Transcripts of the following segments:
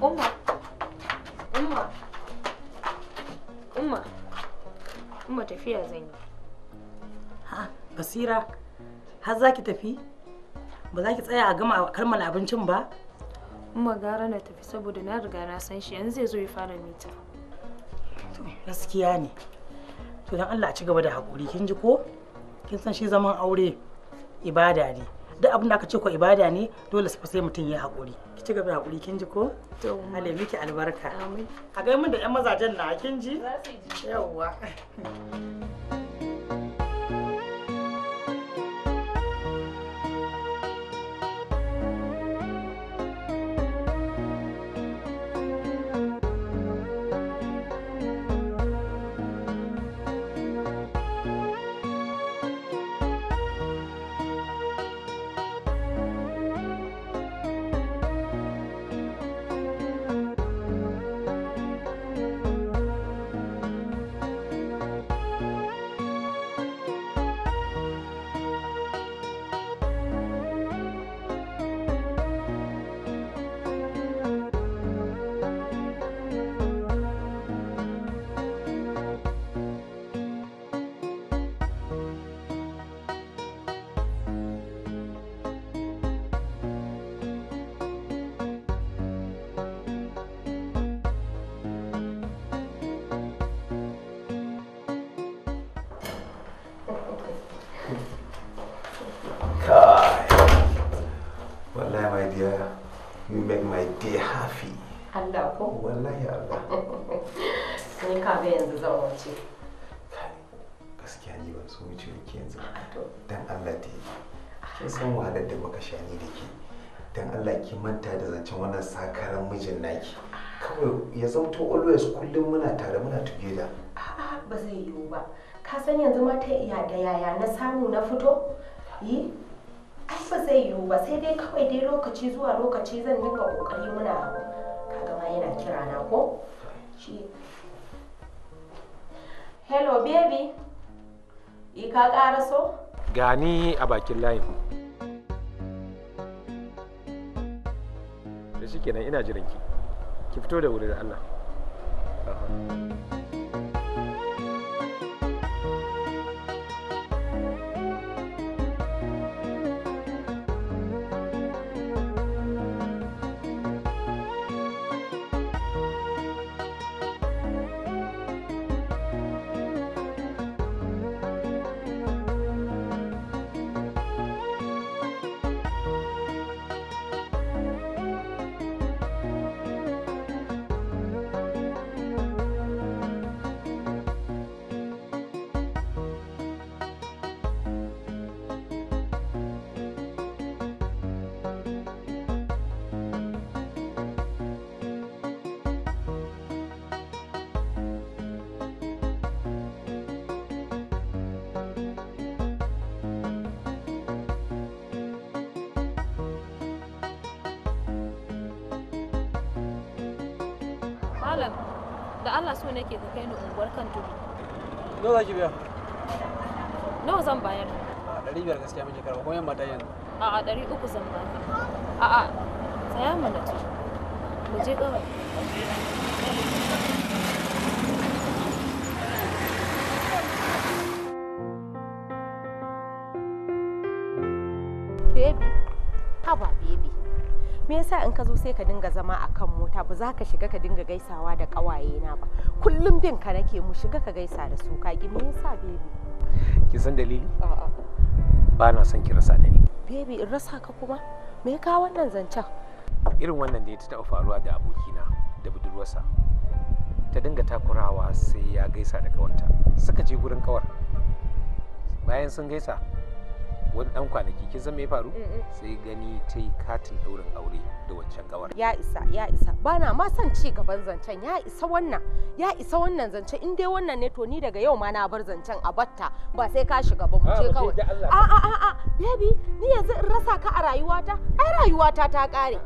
Oma. Umma. Umma. Oma tafiya zan yi. Ha, Basira, har za ki tafi? Ba za ki tsaya a gama kalmar abincin ba? Oma gara na tafi saboda na riga na san shi yanzu zai zo ya fara mita. To, gaskiya ne. To dan Allah ci gaba da hakuri kin ji ko? Kin san shi zaman aure ibada ne. duk abin da aka ce ko ibada ne dole su sai mutum ya haƙuri ki ci gaba hakuri haƙuri kin ji ko Allah ya miki albarka amin a ga mun da ƴan mazajen na kin ji yawwa ko wallahi Allah ni ka ga yanzu zama wuce gaskiya ni ban so wuce ki yanzu dan Allah ta yi kin san wahalar da muka sha ni da ke dan Allah ki manta da zancen wannan sakaran mijin naki kawai ya zamto always kullum muna tare muna together a'a ba zai yiwu ba ka san yanzu mata iya da yaya na samu na fito yi ai ba zai yiwu ba sai dai kawai dai lokaci zuwa lokaci zan dinga kokari muna yana kira na ko shi hello baby ika ka ƙara so gani a bakin layin da shi kenan ina jiranki ki fito da wuri da allah Malam, da Allah so nake ka kai ni unguwar kan tudu. Nawa za ki biya? Nawa zan bayar? A ɗari biyar gaskiya muke karɓa ko yamma ta yanzu. A'a ɗari uku zan bayar. A'a, tsaya mana ce. Mu je kawai. me yasa in ka zo sai ka dinga zama a kan mota ba za ka shiga ka dinga gaisawa da ƙawaye na ba kullum bin ka nake mu shiga ka gaisa da su ka ki me yasa baby ki san dalili ba na son ki rasa da ni baby in rasa ka kuma me ka wannan zancen irin wannan da ta taɓa faruwa da abokina da budurwarsa ta dinga takurawa sai ya gaisa da kawanta suka je gurin kawar bayan sun gaisa wani dan kwanaki kin san me ya faru sai gani ta yi katin daurin aure da waccan gawar. ya isa ya isa bana ma son ci gaban zancen ya isa wannan ya isa wannan zancen in dai wannan ne to ni daga yau ma na bar zancen a batta ba sai ka shiga ba mu ah, je kawai a a a a baby ni yanzu in rasa ka a rayuwata ai rayuwata ta kare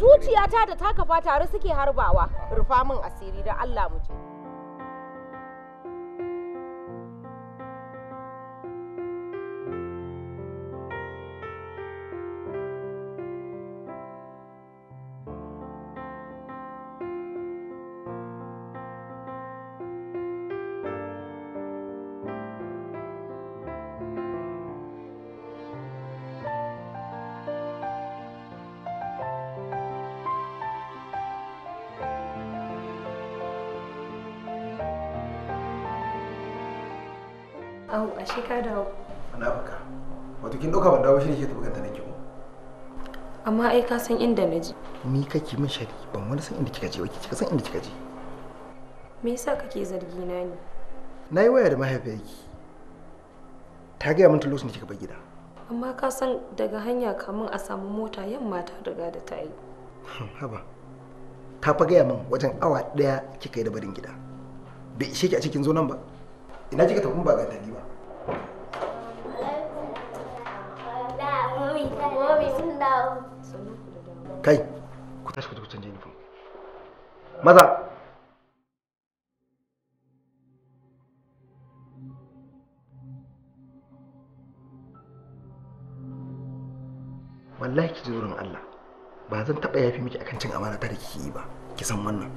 zuciyata da taka kafa tare suke harbawa rufa min asiri da Allah mu je Au, ashe ka dawo. Ana fuka. Wato kin ɗauka ban dawo shi ne ke tabbata na ki Amma ai ka san inda na je. Ni kake min shari ban wani san inda kika je ba kika san inda kika je. Me yasa kake zargi na ne? Na yi waya da mahaifiyarki. Ta gaya min lokacin da kika bar gida. Amma ka san daga hanya kamun a samu mota yamma ta riga da ta yi. Hmm, haba. Ta fa gaya min wajen awa ɗaya kika yi da barin gida. Bai ishe ki a cikin zonan ba. ina kika tafi ba ga tagi ba kai ku tashi ku canje uniform maza wallahi ki ji Allah ba zan taɓa yafi miki akan cin amana ta da kike yi ba ki san wannan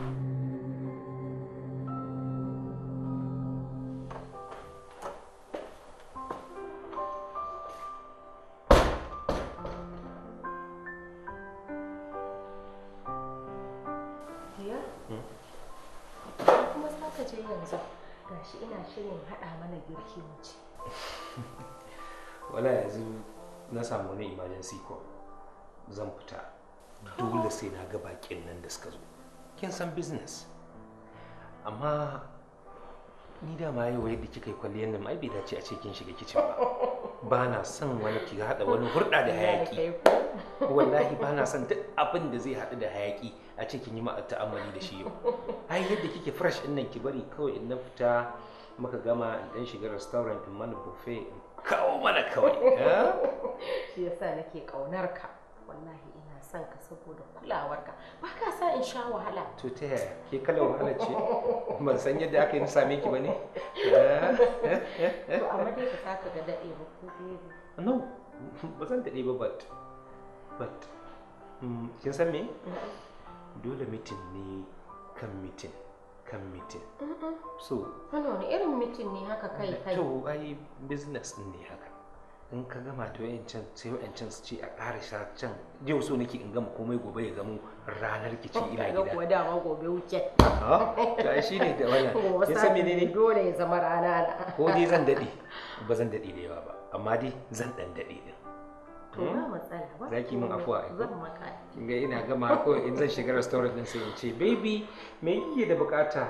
kuma saka je yanzu gashi ina shirin haɗa mana girki mu wala yanzu na samu wani emergency call zan fita dole sai na ga bakin nan da suka zo kin san business amma ni da ma yau da kika yi kwalliyar nan ai bai dace a ce kin shiga kicin ba ba na son wani ki haɗa wani hurɗa da hayaki wallahi ba na son duk abin da zai haɗu da hayaki a ce kin yi ma ta'ammali da shi yau ai yadda kike fresh din nan ki bari kawai in na fita muka gama in dan shiga restaurant in mana buffet kawo mana kawai eh? shi yasa nake kaunar ka wallahi son ka saboda kulawarka ba ka sa in sha wahala to ta yaya ke kala wahala ce ban san yadda aka yi na same ki ba ne to amma dai ka sa ka ga daɗe ba ko no ba zan daɗe ba but but mm, kin san me dole mitin ne kan mitin kan mitin so wani irin mitin ne haka kai kai to ai business ne haka in ka gama ta can sai can su ce a karisa can yau so nake in gama komai gobe ya zamo ranar kici oh, ina gida ko da ma gobe wuce ah, to shi ne da wannan ya san menene dole ya zama rana na. ko dai zan dade ba zan dade da yawa ba amma dai zan dan dade din to ba hmm? matsala ba zaki min afuwa ai zan maka kin ga ina gama ko in zan shiga restaurant din sai in ce baby me yake da bukata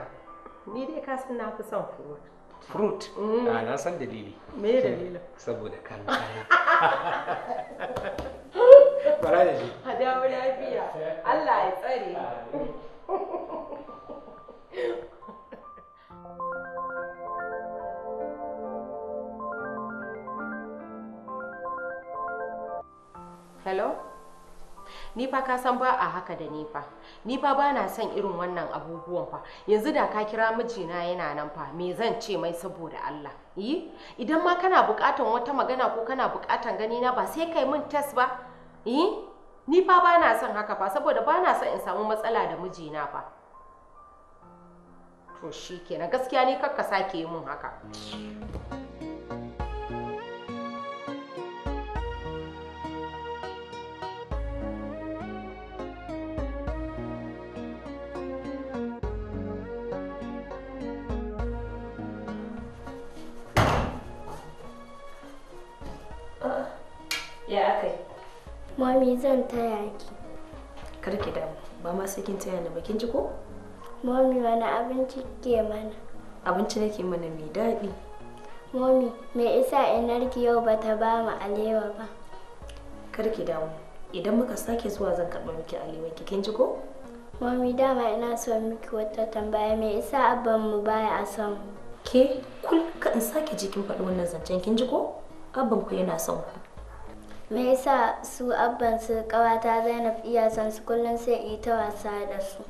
ni dai ka san na fi son fruit fruit mm. a ah, na san dalili me dalilin saboda kan kaya bara da shi a lafiya Allah ya tsare Hello? Nifa kasan ka san ba a haka da nifa nifa bana ba na son irin wannan abubuwan fa yanzu da ka kira mijina yana nan fa me zan ce mai saboda Allah yi idan ma kana bukatan wata magana ko kana bukatan gani na ba sai kai mun test ba yi nifa ba na son haka fa saboda ba na son in samu matsala da mijina fa to shikenan gaskiya ne kakka sake yi min haka ma sai kin taya ni ba kin ji ko? Mommy wani abinci ke mana. Abinci nake mana mai daɗi. Mommy me isa inarki yau ba ta ba mu alewa ba? Kar ki damu. Idan muka sake zuwa zan karɓa miki alewa ki kin ji ko? Mommy dama ina so miki wata tambaya me isa abban mu baya a son Ke kul ka in sake jikin faɗi wannan zancen kin ji ko? Abban ku yana son ku. me yasa su abban su kawata zainab iya san su kullum sai yi ta wasa da su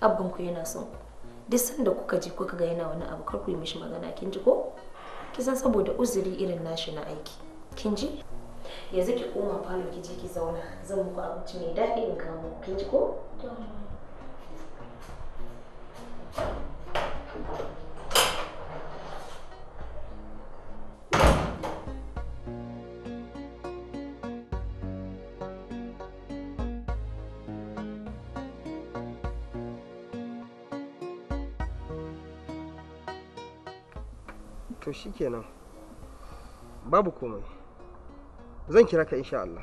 abban ku yana son duk sanda kuka ji kuka ga yana wani abu kar ku yi mishi magana kin ji ko ki san saboda uzuri irin nashi na aiki kin ji yanzu ki koma falo ki je ki zauna zan muku abinci mai daɗi in kawo kin ji ko to shikenan babu komai zan kira ka insha Allah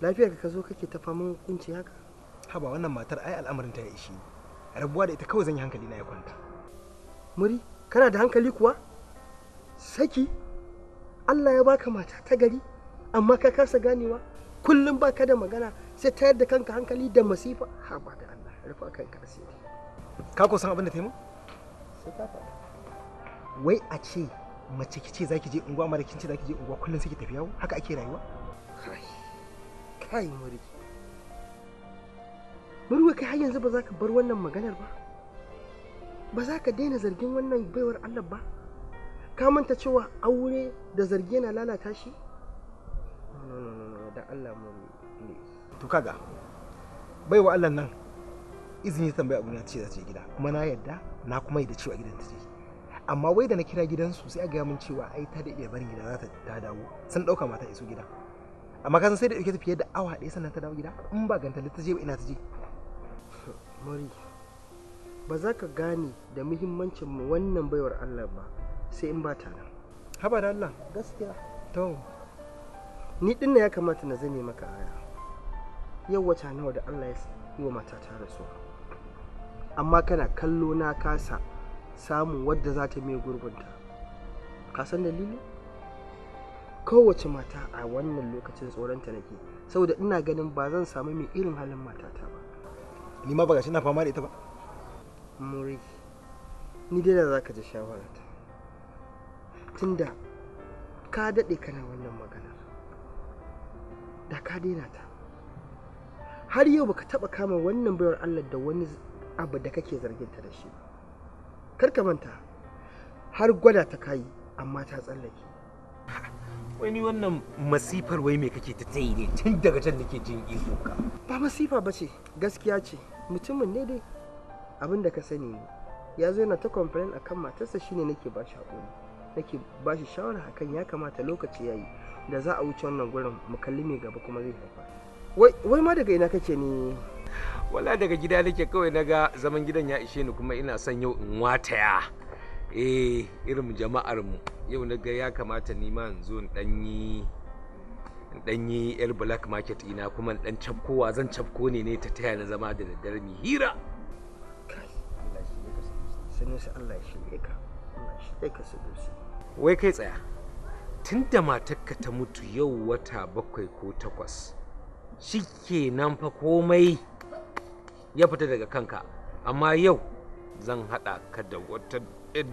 lafiyar ka zo kake ta faman kunci haka haba wannan matar ai al'amarin ta ya ishi rabuwa da ita kawai zan yi hankali na ya kwanta muri kana da hankali kuwa saki Allah ya baka mata ta gari amma ka kasa ganewa kullum baka da magana sai tayar da kanka hankali da masifa haba da Allah rufa kanka asiri ka ko san abin da ta yi mu sai ka faɗa wai a ce mace ki ce za ki je unguwa mara kin ce ki je unguwa kullum sai ki tafi yawo haka ake rayuwa kai kai muri Marwa kai har yanzu ba za ka bar wannan maganar ba ba za ka daina zargin wannan baiwar Allah ba ka manta cewa aure da zargi yana lalata shi no no no da Allah mu to kaga baiwa Allah nan izini tambaya abu na ce za ta je gida kuma na yadda na kuma yi da cewa gidan ta je amma wai da na kira gidansu sai a gaya min cewa ai ta da iya barin gida za ta ta dawo sun dauka mata isu gida amma kasan sai da dauke ta fiye da awa ɗaya sannan ta dawo gida in ba ganta ta je ba ina ta je mari ba za ka gane da muhimmancin mu wannan baiwar Allah ba sai in ba ta nan haba da Allah gaskiya to ni din ya kamata na zame maka aya yau wata nawa da Allah ya yi wa matata rasuwa amma kana kallo na kasa samun wadda za ta mai gurbinta ka san dalili kowace mata a wannan lokacin tsoronta nake saboda ina ganin ba zan samu mai irin halin matata ba ni ma baka na fama da ita ba muri ni dai da za ka ji shawarata tunda ka daɗe kana wannan maganar da ka daina ta har yau baka taɓa kama wannan bayar allah da wani abu da kake zargin ta da shi ba kar ka manta har gwada ta kayi amma ta tsallake wai ni wannan masifar wai me kake ta tsayi ne tun daga can nake jin iko ka ba masifa ba ce gaskiya ce mutumin ne dai abin da ka sani ne ya zo yana ta complain akan matarsa shine nake ba shi hakuri nake ba shi shawara akan ya kamata lokaci yayi da za a wuce wannan gurin mu kalli me gaba kuma zai haifa wai wai ma daga ina kake ne wala daga gida nake kawai na ga zaman gidan ya ishe ni kuma ina son yau in wataya eh irin jama'ar mu yau na ya kamata ni ma in zo in danyi danyi yar black market ina kuma dan cafkowa zan cafko ne ne ta taya na zama da daddare ni hira wai kai tsaya tun da ka ta mutu yau wata bakwai ko takwas shi kenan fa komai ya fita daga kanka amma yau zan haɗa ka da wata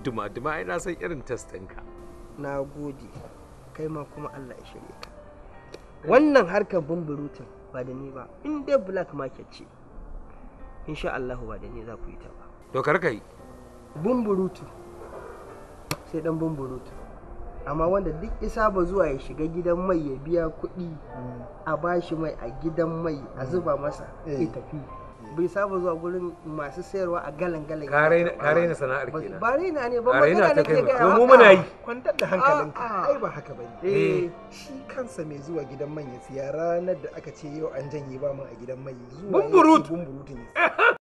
duma-duma ai na san irin testinka na gode kai ma kuma allah ya shirya ka wannan harkar bumburutun ba da ni ba in dai black market ce sha allah ba da ni za ku yi ta ba to karka yi bumburutu sai dan bumburutu amma wanda duk isa ba zuwa ya shiga gidan mai ya biya kuɗi a bashi mai a gidan mai a zuba masa ya eh. tafi bai saba zuwa gurin masu sayarwa a galan galan ka raina sana'ar kenan ba raina ne ba magana ne ke gaya mu muna yi kwantar da hankalinka ai ba haka bane eh shi kansa mai zuwa gidan man ya siya ranar da aka ce yau an janye ba mu a gidan mai zuwa bumburut bumburutun